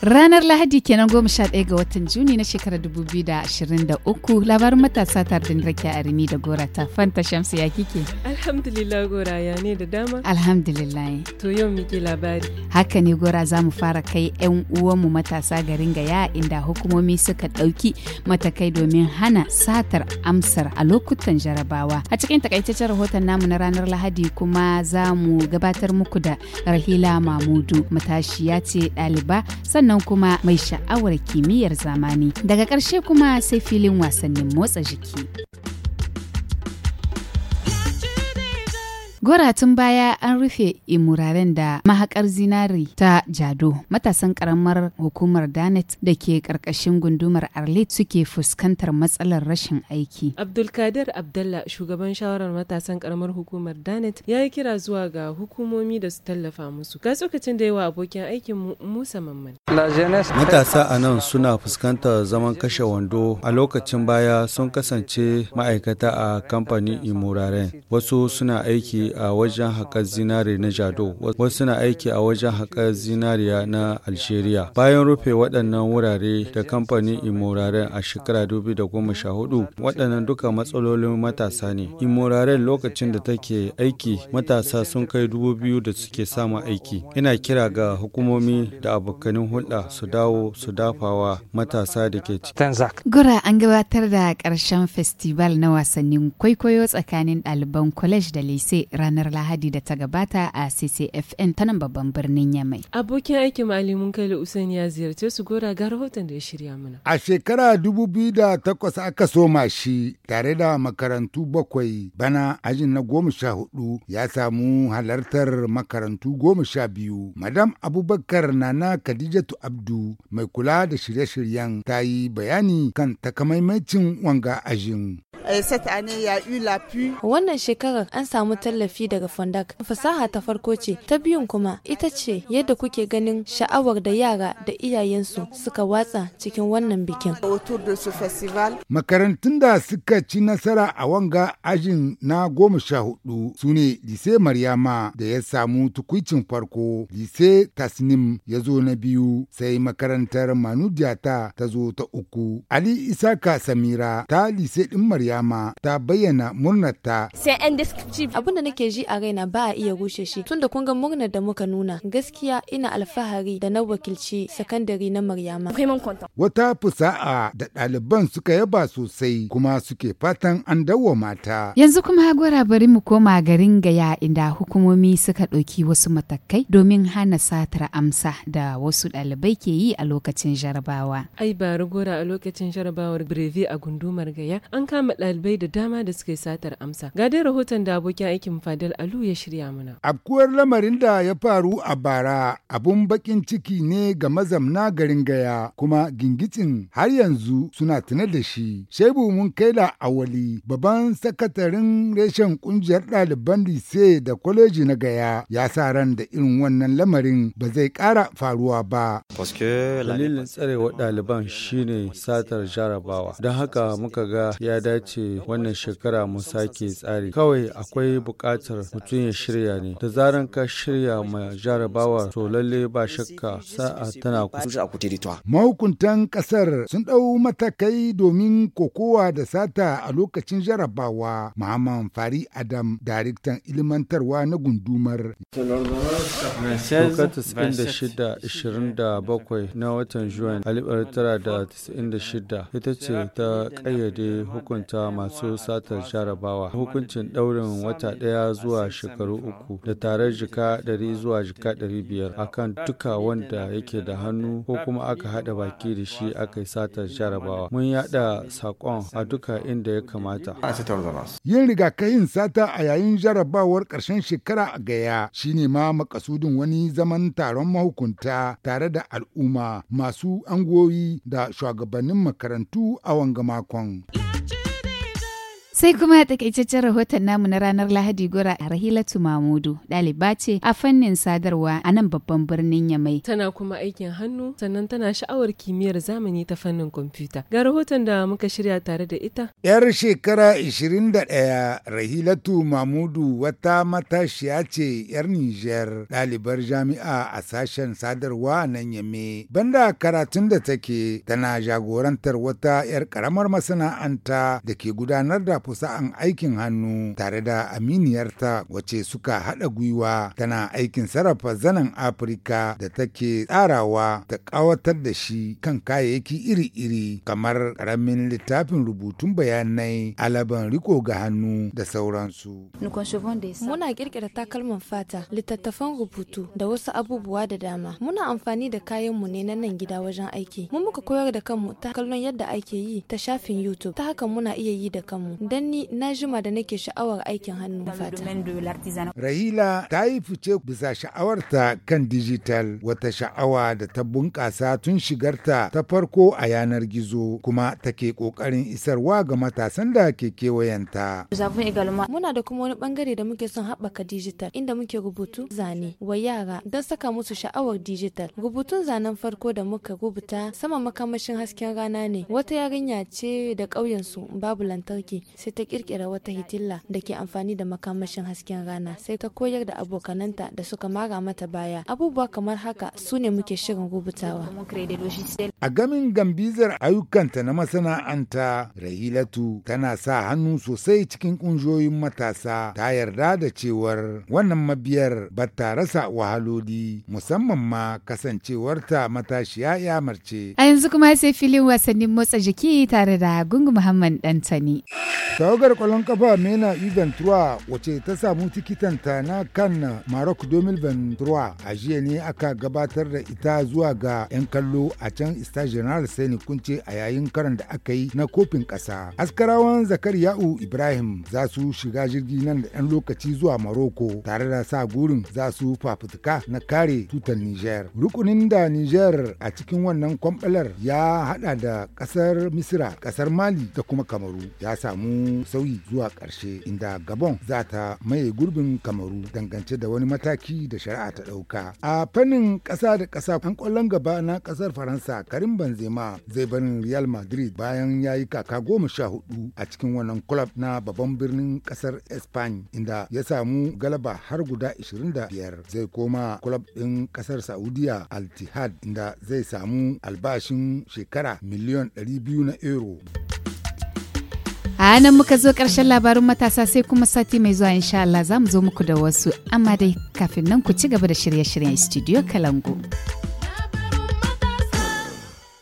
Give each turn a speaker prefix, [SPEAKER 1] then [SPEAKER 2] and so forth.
[SPEAKER 1] Ranar Lahadi kenan goma sha ɗaya ga watan Juni na shekarar dubu biyu da ashirin da uku labarin matasa tare da Nrake Arimi da Gora ta Fanta Shamsu ya kike.
[SPEAKER 2] Alhamdulillah Gora ya ne da dama.
[SPEAKER 1] Alhamdulillah.
[SPEAKER 2] To yau muke labari.
[SPEAKER 1] Haka ne Gora za mu fara kai 'yan uwanmu matasa garin gaya inda hukumomi suka ɗauki matakai domin hana satar amsar a lokutan jarabawa. A cikin takaitaccen rahoton namu na ranar Lahadi kuma za mu gabatar muku da Rahila Mamudu matashiya ce ɗaliba sannan sannan kuma mai sha'awar kimiyyar zamani. Daga ƙarshe kuma sai filin wasannin motsa jiki. Goratun baya an rufe imuraren da mahakar zinari ta Jado. Matasan karamar hukumar Danet da ke karkashin gundumar Arlit suke fuskantar matsalar rashin aiki.
[SPEAKER 2] Abdulkadir Abdalla shugaban shawarar matasan karamar hukumar Danet ya yi kira zuwa ga hukumomi da su tallafa musu. Ga tsokacin da yawa abokin aikin Musa Mamman.
[SPEAKER 3] Matasa a nan suna fuskantar zaman kashe wando a lokacin baya sun kasance ma'aikata a kamfanin imuraren. Wasu suna aiki a wajen haƙar zinare na Jado, wasu na aiki a wajen haƙar zinariya na Algeria. Bayan rufe waɗannan wurare da kamfanin Imoraren a shekara da 2014, waɗannan duka matsalolin matasa ne. Imoraren lokacin da take aiki, matasa sun kai dubu biyu da suke samun aiki. Ina kira ga hukumomi da abokanin hulɗa su dawo su dafawa matasa da ke ciki.
[SPEAKER 1] Gura an gabatar da ƙarshen festival na wasannin kwaikwayo tsakanin ɗaliban college da lise ranar Lahadi da ta gabata a CCFN
[SPEAKER 4] ta nan babban birnin Yamai.
[SPEAKER 2] Abokin aikin malamin Kaila Usain ya ziyarce su gora ga rahoton da ya shirya mana.
[SPEAKER 4] A shekara da takwas aka soma shi tare da makarantu bakwai bana ajin na goma sha hudu ya samu halartar makarantu goma sha biyu. Madam Abubakar Nana Khadijatu Abdu mai kula da shirye-shiryen ta yi bayani kan takamaimacin wanga ajin.
[SPEAKER 1] Euh,
[SPEAKER 5] wannan shekarar an samu tallafi daga Fondak. Fasaha ta farko ce, ta biyun kuma ita ce yadda kuke ganin sha'awar da yara da iyayensu suka watsa cikin wannan bikin.
[SPEAKER 4] Makarantun da suka ci nasara a wanga ajin na goma sha hudu su ne Lise Maryama da ya samu tukwicin farko, Lise Tasnim ya zo na biyu sai makarantar Manudiyata ta zo ta uku. Ali Isaka Samira ta Lise ɗin Maryama dama ta bayyana murnarta.
[SPEAKER 5] Sai an Abin da nake ji a raina ba a iya rushe shi tunda kun ga murnar da muka nuna gaskiya ina alfahari da na wakilci sakandare na Maryama.
[SPEAKER 4] Wata fusa'a da ɗaliban suka yaba sosai kuma suke fatan an dawo mata. Yanzu
[SPEAKER 1] kuma gora bari mu koma garin gaya inda hukumomi suka ɗauki wasu matakai domin hana satar amsa da wasu ɗalibai ke yi a lokacin jarabawa.
[SPEAKER 2] Ai ba gora a lokacin jarabawar brevi a gundumar gaya an kama ɗalibai da dama da suka satar amsa. Ga dai rahoton da abokin aikin Fadil Alu ya shirya mana.
[SPEAKER 4] Abkuwar lamarin da ya faru a bara abun bakin ciki ne ga mazamna garin Gaya kuma gingicin har yanzu suna tuna da shi. shaibu mun kai da awali babban sakatarin reshen kungiyar ɗaliban lise da kwaleji na Gaya ya sa ran da irin wannan lamarin ba zai kara faruwa ba.
[SPEAKER 3] Dalilin tsarewa ɗaliban shine satar jarabawa. Don haka muka ga ya dace ce wannan shekara mu sake tsari kawai akwai buƙatar mutum ya shirya ne da zaran ka shirya ma jarabawa to lalle ba shakka sa'a tana kusa
[SPEAKER 4] mahukuntan kasar. sun ɗau matakai domin kokowa da sata a lokacin jarabawa Muhammad Fari Adam daraktan ilmantarwa na gundumar
[SPEAKER 3] bakwai na watan Juwan 1996 ita ce ta kayyade hukunta ga masu satar jarabawa hukuncin ɗaurin wata ɗaya zuwa shekaru uku da tarar jika ɗari zuwa jika ɗari biyar akan duka wanda yake da hannu ko kuma aka haɗa baki da shi aka yi satar jarabawa mun yaɗa saƙon a duka inda ya kamata.
[SPEAKER 4] Yin rigakafin sata a yayin jarabawar ƙarshen shekara a gaya shine ma makasudin wani zaman taron mahukunta tare da al'umma masu angoyi da shugabannin makarantu a wanga makon.
[SPEAKER 1] Sai kuma takaitaccen rahoton namu na ranar Lahadi Gora a Rahilatu Mamudu, ɗaliba ce a fannin sadarwa a nan babban birnin Yamai.
[SPEAKER 2] Tana kuma aikin hannu, sannan tana sha'awar kimiyyar zamani ta fannin kwamfuta. Ga rahoton da muka shirya tare da ita.
[SPEAKER 4] Yar shekara 21 Rahilatu Mamudu wata matashiya ce yar Nijar, ɗalibar jami'a a sashen sadarwa nan Yame. Banda karatun da take tana jagorantar wata yar karamar masana'anta da ke gudanar da an aikin hannu tare da aminiyarta wace suka haɗa gwiwa tana aikin sarrafa zanen Afirka da take tsarawa ta ƙawatar da shi kan kayayyaki iri-iri kamar ƙaramin littafin rubutun bayanai alaban riko ga hannu da sauransu.
[SPEAKER 5] Muna ƙirƙira takalman fata, littattafan rubutu da wasu abubuwa da dama. Muna amfani da kayanmu ne na nan gida wajen aiki. Mun muka koyar da kanmu ta kallon yadda ake yi ta shafin YouTube. Ta haka muna iya yi da kanmu. don ni na jima da nake sha'awar aikin hannu. fata.
[SPEAKER 4] Rahila ta yi fice bisa sha'awarta kan dijital wata sha'awa da ta bunƙasa tun shigarta ta farko a yanar gizo kuma take ƙoƙarin isarwa ga matasan da ke kewayenta.
[SPEAKER 5] Muna da kuma wani bangare da muke son haɓaka dijital inda muke rubutu zane wa yara don saka musu sha'awar dijital. Rubutun zanen farko da muka rubuta sama makamashin hasken rana ne wata yarinya ce da ƙauyensu babu lantarki sai sai ta kirkira wata hitilla da ke amfani da makamashin hasken rana sai ta koyar da abokananta da suka mara mata baya abubuwa kamar haka su ne muke shirin rubutawa
[SPEAKER 4] a gamin gambizar ayyukanta na masana'anta rahilatu tana sa hannu sosai cikin kunjoyin matasa ta yarda da cewar wannan mabiyar ba ta rasa wahaloli musamman ma kasancewarta matashiya ya marce
[SPEAKER 1] a yanzu kuma sai filin wasannin motsa jiki tare da gungu muhammad dantani
[SPEAKER 4] tawagar kwallon kafa mena iventura wace ta samu tikitanta na kan maroc 2023 a jiya ne aka gabatar da ita zuwa ga 'yan kallo a can ista general sani kunce a yayin karan da aka yi na kofin ƙasa askarawan ya'u ibrahim za su shiga jirgi nan da 'yan lokaci zuwa maroko tare da sa gurin za su fafutuka na kare tutar niger rukunin da niger a cikin wannan kwamfalar ya hada da kasar misira kasar mali da kuma kamaru ya samu sauyi zuwa ƙarshe inda Gabon za ta maye gurbin Kamaru dangance da wani mataki da shari'a ta ɗauka. A fannin ƙasa da ƙasa an ƙwallon gaba na ƙasar Faransa Karim Benzema zai barin Real Madrid bayan ya yi kaka goma sha hudu a cikin wannan club na babban birnin ƙasar Spain inda ya samu galaba har guda biyar zai koma club ɗin ƙasar Saudiya altihad inda zai samu albashin shekara miliyan 200 na euro.
[SPEAKER 1] a nan muka zo ƙarshen labarin matasa sai kuma sati mai zuwa insha Allah za mu zo muku da wasu amma dai kafin nan ku ci gaba da shirye-shiryen studio kalangu.